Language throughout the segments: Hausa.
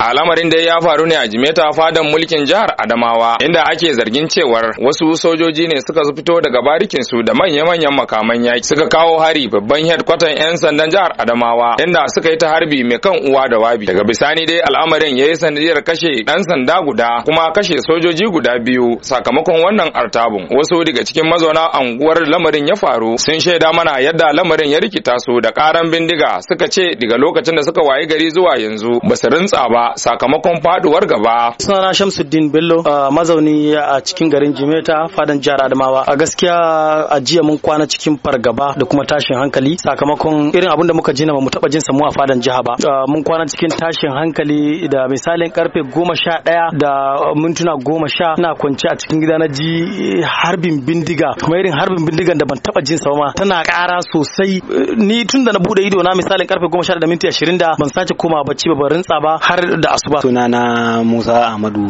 Al'amarin dai ya faru ne a Jimeta fadan mulkin jihar Adamawa inda ake zargin cewar wasu sojoji ne suka fito daga barikin su da manya-manyan makaman yaki suka kawo hari babban headquarter 'yan sandan jihar Adamawa inda suka yi ta harbi mai kan uwa da wabi. Daga bisani dai al'amarin ya yi sanadiyar kashe ɗan sanda guda kuma kashe sojoji guda biyu sakamakon wannan artabun. Wasu daga cikin mazauna anguwar lamarin ya faru sun shaida mana yadda lamarin ya rikita su da ƙaran bindiga suka ce daga lokacin da suka wayi gari zuwa yanzu ba su rintsa ba sakamakon faduwar gaba. Sunana Shamsuddin Bello mazauni a cikin garin Jimeta fadan jihar Adamawa. A gaskiya a jiya mun kwana cikin fargaba da kuma tashin hankali sakamakon irin abin da muka jina ba mu taba jin samu a fadan jiha ba. Mun kwana cikin tashin hankali da misalin karfe goma sha ɗaya da mintuna goma sha na kwance a cikin gida na ji harbin bindiga kuma irin harbin bindigan da ban taba jin sa ma tana kara sosai ni tun da na bude ido na misalin karfe goma sha da minti ashirin da ban sace koma bacci ba ban rintsa ba har da asuba suna na Musa Ahmadu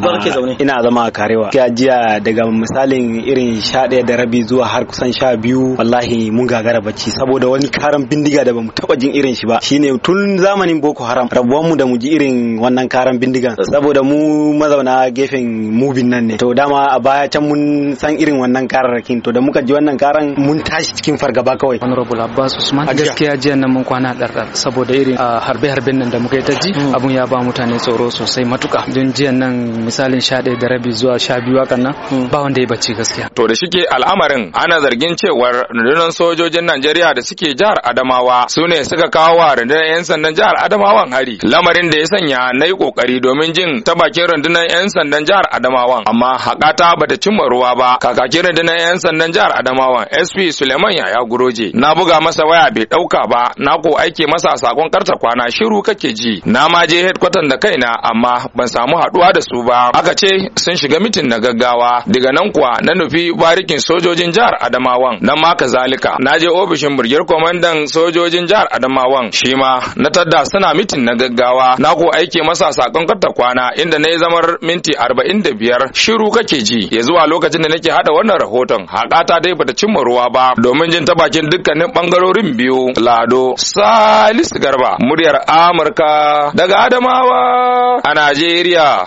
ina zama a Karewa jiya daga misalin irin sha ɗaya da rabi zuwa har kusan sha biyu wallahi mun gagara bacci saboda wani karan bindiga da bamu taba jin irin shi ba shine tun zamanin Boko Haram rabuwan mu da mu ji irin wannan karan bindigan saboda mu mazauna gefen mubin nan ne to dama a baya can mun san irin wannan kararrakin to da muka ji wannan karan mun tashi cikin fargaba kawai honorable Abbas Usman gaskiya jiya nan mun kwana ɗarɗar saboda irin ah, harbe-harben nan da muka yi ta ji mm. abun ya ba mutane jin tsoro sosai matuka don jiyan nan misalin sha da rabi zuwa sha biyu hakan nan hmm. ba wanda ya bacci gaskiya. To da shike al'amarin ana zargin cewar rundunar sojojin Najeriya da suke jihar Adamawa su ne suka kawo wa rundunar 'yan sandan jihar Adamawan hari lamarin da ya sanya na yi kokari domin jin ta bakin rundunar 'yan sandan jihar Adamawan amma hakata bata cimma ruwa ba kakakin rundunar 'yan sandan jihar Adamawan SP Suleiman Yaya Guroje na buga masa waya bai ɗauka ba na ko aike masa sakon karta kwana shiru kake ji na ma je headquarter da kai kaina amma ban samu haduwa da su ba aka ce sun shiga mitin na gaggawa daga nan kuwa na nufi barikin sojojin jihar Adamawan nan ma kazalika na je ofishin burgiyar kwamandan sojojin jihar Adamawan shi ma na tadda suna mitin na gaggawa na ko aike masa sakon karta kwana inda na yi zamar minti arba'in da biyar shiru kake ji ya zuwa lokacin da nake hada wannan rahoton haƙata dai bata cimma ruwa ba domin jin ta bakin dukkanin bangarorin biyu lado salisu garba muryar amurka daga adamawa A Najeriya